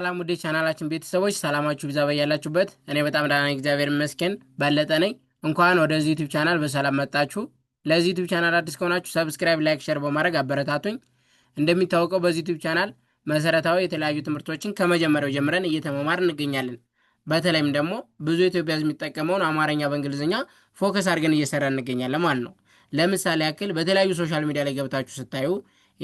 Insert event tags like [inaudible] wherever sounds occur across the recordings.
ሰላም ወደ ቻናላችን ቤተሰቦች ሰላማችሁ ብዛ በያላችሁበት። እኔ በጣም ደህና ነኝ፣ እግዚአብሔር ይመስገን። ባለጠ ነኝ። እንኳን ወደዚህ ዩቲብ ቻናል በሰላም መጣችሁ። ለዚህ ዩቲብ ቻናል አዲስ ከሆናችሁ ሰብስክራይብ፣ ላይክ፣ ሸር በማድረግ አበረታቱኝ። እንደሚታወቀው በዚህ ዩቲብ ቻናል መሰረታዊ የተለያዩ ትምህርቶችን ከመጀመሪያው ጀምረን እየተመማር እንገኛለን። በተለይም ደግሞ ብዙ ኢትዮጵያ የሚጠቀመውን አማርኛ በእንግሊዝኛ ፎከስ አድርገን እየሰራ እንገኛለን ማለት ነው። ለምሳሌ ያክል በተለያዩ ሶሻል ሚዲያ ላይ ገብታችሁ ስታዩ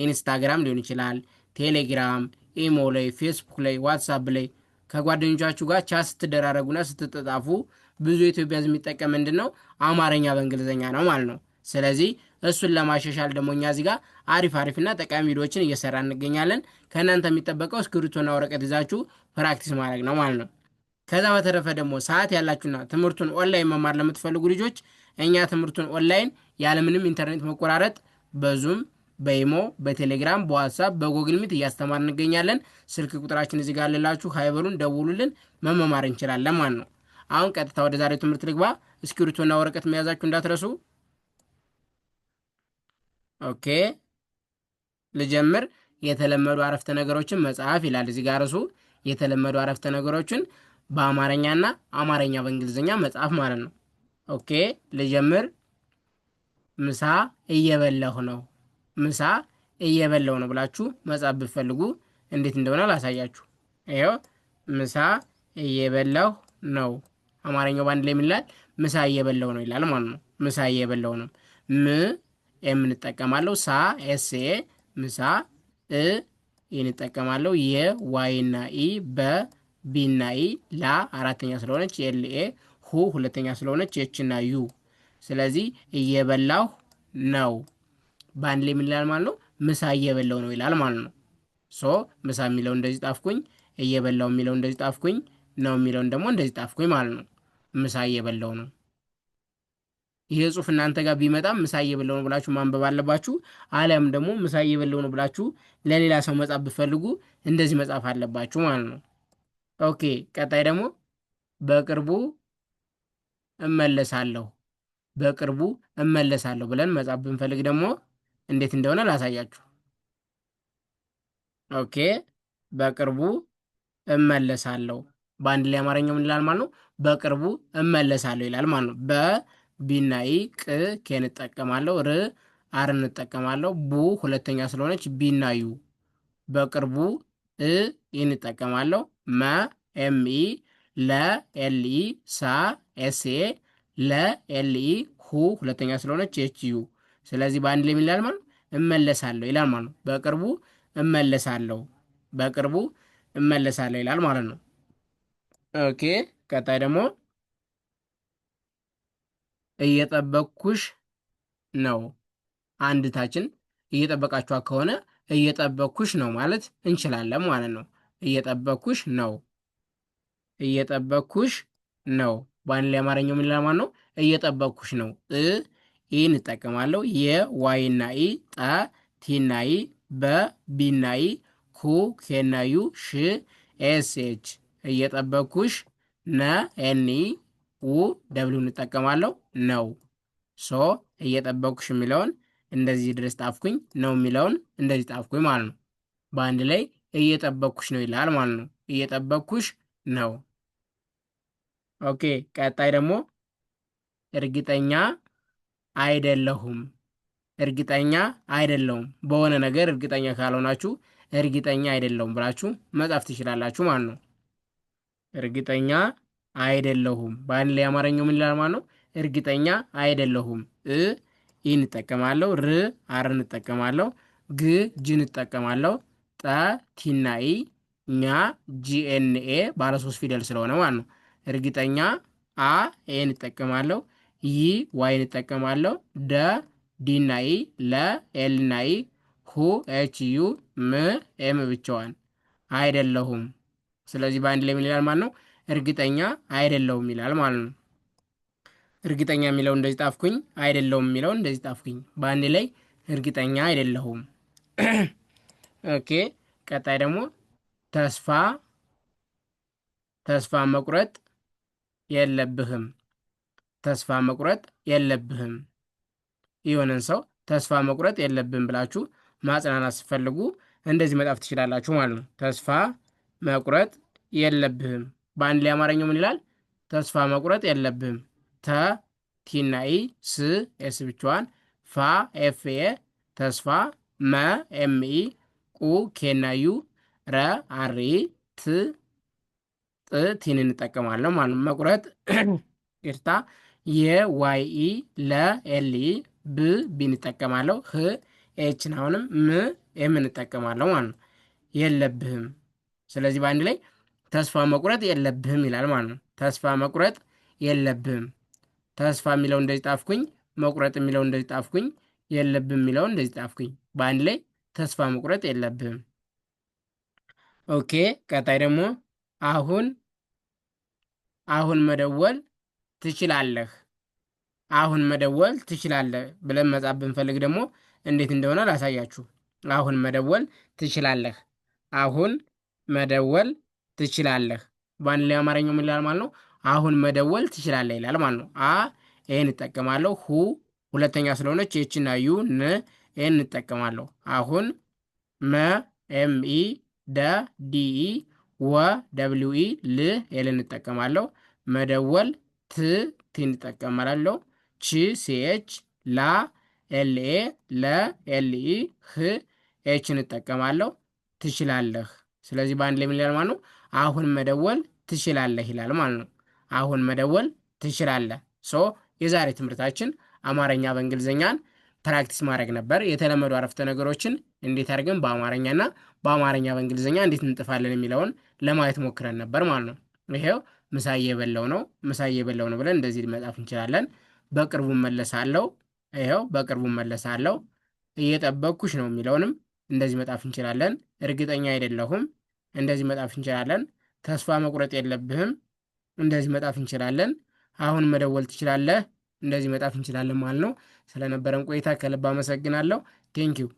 ኢንስታግራም ሊሆን ይችላል ቴሌግራም ኢሞ ላይ፣ ፌስቡክ ላይ፣ ዋትሳፕ ላይ ከጓደኞቻችሁ ጋር ቻት ስትደራረጉና ስትጠጣፉ ብዙ የኢትዮጵያ ሕዝብ የሚጠቀም ምንድን ነው አማርኛ በእንግሊዝኛ ነው ማለት ነው። ስለዚህ እሱን ለማሻሻል ደግሞ እኛ እዚህ ጋር አሪፍ አሪፍና ጠቃሚ ቪዲዮዎችን እየሰራ እንገኛለን። ከእናንተ የሚጠበቀው እስክሪቶና ወረቀት ይዛችሁ ፕራክቲስ ማድረግ ነው ማለት ነው። ከዛ በተረፈ ደግሞ ሰዓት ያላችሁና ትምህርቱን ኦንላይን መማር ለምትፈልጉ ልጆች እኛ ትምህርቱን ኦንላይን ያለምንም ኢንተርኔት መቆራረጥ በዙም በኢሞ በቴሌግራም በዋትሳፕ በጎግል ሚት እያስተማር እንገኛለን። ስልክ ቁጥራችን እዚህ ጋር ልላችሁ፣ ሀይበሉን ደውሉልን፣ መመማር እንችላለን ማለት ነው። አሁን ቀጥታ ወደ ዛሬው ትምህርት ልግባ። እስክሪብቶና ወረቀት መያዛችሁ እንዳትረሱ። ኦኬ ልጀምር። የተለመዱ አረፍተ ነገሮችን መጽሐፍ ይላል እዚህ ጋር እሱ። የተለመዱ አረፍተ ነገሮችን በአማርኛና አማርኛ በእንግሊዝኛ መጽሐፍ ማለት ነው። ኦኬ ልጀምር። ምሳ እየበላሁ ነው ምሳ እየበላው ነው ብላችሁ መጻፍ ብትፈልጉ እንዴት እንደሆነ ላሳያችሁ። ይኸው ምሳ እየበላሁ ነው። አማርኛው በአንድ ላይ ምን ምሳ እየበላው ነው ይላል ማለት ነው። ምሳ እየበላው ነው። ም የምንጠቀማለው ሳ ኤስ ኤ ምሳ እ ይንጠቀማለው የዋይና ኢ በ ቢና ኢ ላ አራተኛ ስለሆነች ኤ ሁ ሁለተኛ ስለሆነች የችና ዩ ስለዚህ እየበላሁ ነው በአንድ ላይ ምን ይላል ማለት ነው? ምሳ እየበላው ነው ይላል ማለት ነው። ሶ ምሳ የሚለው እንደዚህ ጣፍኩኝ፣ እየበላው የሚለው እንደዚህ ጣፍኩኝ፣ ነው የሚለውን ደግሞ እንደዚህ ጣፍኩኝ ማለት ነው። ምሳ እየበላው ነው። ይሄ ጽሁፍ እናንተ ጋር ቢመጣም ምሳ እየበላው ነው ብላችሁ ማንበብ አለባችሁ። አሊያም ደግሞ ምሳ እየበላው ነው ብላችሁ ለሌላ ሰው መጻፍ ብፈልጉ እንደዚህ መጻፍ አለባችሁ ማለት ነው። ኦኬ ቀጣይ ደግሞ በቅርቡ እመለሳለሁ፣ በቅርቡ እመለሳለሁ ብለን መጻፍ ብንፈልግ ደግሞ እንዴት እንደሆነ ላሳያችሁ። ኦኬ በቅርቡ እመለሳለሁ። በአንድ ላይ አማርኛው ምን ይላል ማለት ነው? በቅርቡ እመለሳለሁ ይላል ማለት ነው። በ ኢ ቅ ኬ እንጠቀማለሁ ር አር እንጠቀማለሁ ቡ ሁለተኛ ስለሆነች ቢናዩ በቅርቡ እ እንጠቀማለሁ መ ኤምኢ ለ ኤልኢ ሳ ኤ ለ ኤልኢ ሁ ሁለተኛ ስለሆነች ዩ ስለዚህ በአንድ ላይ ይላል ማለት እመለሳለሁ ይላል ማለት ነው። በቅርቡ እመለሳለሁ፣ በቅርቡ እመለሳለሁ ይላል ማለት ነው። ኦኬ። ቀጣይ ደግሞ እየጠበቅኩሽ ነው። አንድ ታችን እየጠበቃችኋ ከሆነ እየጠበቅኩሽ ነው ማለት እንችላለን ማለት ነው። እየጠበቅኩሽ ነው፣ እየጠበቅኩሽ ነው። በአንድ ላይ አማርኛው ምን ይላል ነው? እየጠበቅኩሽ ነው ኢን የ ዋይና ኢ ጠ ቲና ኢ በ ቢና ኢ ኩ ኬና ዩ ሽ ኤስ ኤች እየጠበኩሽ ነ ኤኒ ኡ ደብሉ እጠቀማለሁ። ነው ሶ እየጠበኩሽ የሚለውን እንደዚህ ድረስ ጣፍኩኝ። ነው የሚለውን እንደዚህ ጣፍኩኝ ማለት ነው። በአንድ ላይ እየጠበኩሽ ነው ይላል ማለት ነው። እየጠበኩሽ ነው። ኦኬ ቀጣይ ደግሞ እርግጠኛ አይደለሁም፣ እርግጠኛ አይደለሁም። በሆነ ነገር እርግጠኛ ካልሆናችሁ እርግጠኛ አይደለሁም ብላችሁ መጻፍ ትችላላችሁ ማለት ነው። እርግጠኛ አይደለሁም በአንድ ላይ አማርኛው ምን ይላል ማለት ነው? እርግጠኛ አይደለሁም። እ ኢ እንጠቀማለሁ፣ ር አር እንጠቀማለሁ፣ ግ ጅ እንጠቀማለሁ፣ ጠ ቲና ኢ ኛ ጂኤንኤ ባለሶስት ፊደል ስለሆነ ማለት ነው። እርግጠኛ አ ኤ እንጠቀማለሁ ይ ዋይን እጠቀማለሁ። ደ ዲና ኢ፣ ለ ኤልና ኢ፣ ሁ ኤች ዩ፣ ም ኤም ብቻዋን አይደለሁም። ስለዚህ በአንድ ላይ ምን ይላል ማለት ነው? እርግጠኛ አይደለሁም ይላል ማለት ነው። እርግጠኛ የሚለው እንደዚህ ጣፍኩኝ፣ አይደለሁም የሚለው እንደዚህ ጣፍኩኝ። በአንድ ላይ እርግጠኛ አይደለሁም። [clears throat] ኦኬ። ቀጣይ ደግሞ ተስፋ ተስፋ መቁረጥ የለብህም ተስፋ መቁረጥ የለብህም። የሆነን ሰው ተስፋ መቁረጥ የለብህም ብላችሁ ማጽናናት ስትፈልጉ እንደዚህ መጻፍ ትችላላችሁ ማለት ነው። ተስፋ መቁረጥ የለብህም። በአንድ ላይ አማርኛው ምን ይላል? ተስፋ መቁረጥ የለብህም። ተ ኢ ስ ኤስ ብቻዋን ፋ ኤ ተስፋ መ ኢ ቁ ዩ ረ አሪ ት ጥ ቲን እንጠቀማለን ማለት ነው። መቁረጥ [clears throat] ይርታ የዋይኢ ለኤልኢ ብ ቢ እጠቀማለሁ ህ ኤች አሁንም ም ኤም እጠቀማለሁ ማለት ነው። የለብህም ስለዚህ በአንድ ላይ ተስፋ መቁረጥ የለብህም ይላል ማለት ነው። ተስፋ መቁረጥ የለብህም። ተስፋ የሚለው እንደዚህ ጣፍኩኝ፣ መቁረጥ የሚለው እንደዚህ ጣፍኩኝ፣ የለብህም የሚለው እንደዚህ ጣፍኩኝ። በአንድ ላይ ተስፋ መቁረጥ የለብህም። ኦኬ ቀጣይ ደግሞ አሁን አሁን መደወል ትችላለህ፣ አሁን መደወል ትችላለህ ብለን መጻፍ ብንፈልግ ደግሞ እንዴት እንደሆነ ላሳያችሁ። አሁን መደወል ትችላለህ፣ አሁን መደወል ትችላለህ። በአንድ ላይ አማርኛው ምን ይላል ማለት ነው? አሁን መደወል ትችላለህ ይላል ማለት ነው። አ ይህን እጠቀማለሁ። ሁ ሁለተኛ ስለሆነች የችና ዩ ን ይህን እጠቀማለሁ። አሁን መ ኤም ኢ ደ ዲ ኢ ወ ደብሊው ኢ ል ኤል እንጠቀማለሁ። መደወል ት ቲን ይጠቀማለሁ ቺ ሲኤች ላ ኤልኤ ለ ኤልኢ ህ ኤችን እጠቀማለሁ። ትችላለህ። ስለዚህ በአንድ ላይ ምን ይላል ማለት ነው? አሁን መደወል ትችላለህ ይላል ማለት ነው። አሁን መደወል ትችላለህ። ሶ የዛሬ ትምህርታችን አማርኛ በእንግሊዝኛን ፕራክቲስ ማድረግ ነበር። የተለመዱ አረፍተ ነገሮችን እንዴት አድርገን በአማርኛና በአማርኛ በእንግሊዝኛ እንዴት እንጥፋለን የሚለውን ለማየት ሞክረን ነበር ማለት ነው። ይሄው ምሳ እየበላው ነው፣ ምሳ እየበላው ነው ብለን እንደዚህ መጻፍ እንችላለን። በቅርቡ መለሳለው፣ ይኸው በቅርቡ መለሳለው፣ እየጠበቅኩሽ ነው የሚለውንም እንደዚህ መጻፍ እንችላለን። እርግጠኛ አይደለሁም እንደዚህ መጻፍ እንችላለን። ተስፋ መቁረጥ የለብህም እንደዚህ መጻፍ እንችላለን። አሁን መደወል ትችላለህ እንደዚህ መጻፍ እንችላለን ማለት ነው። ስለነበረን ቆይታ ከልብ አመሰግናለሁ። ቴንኪው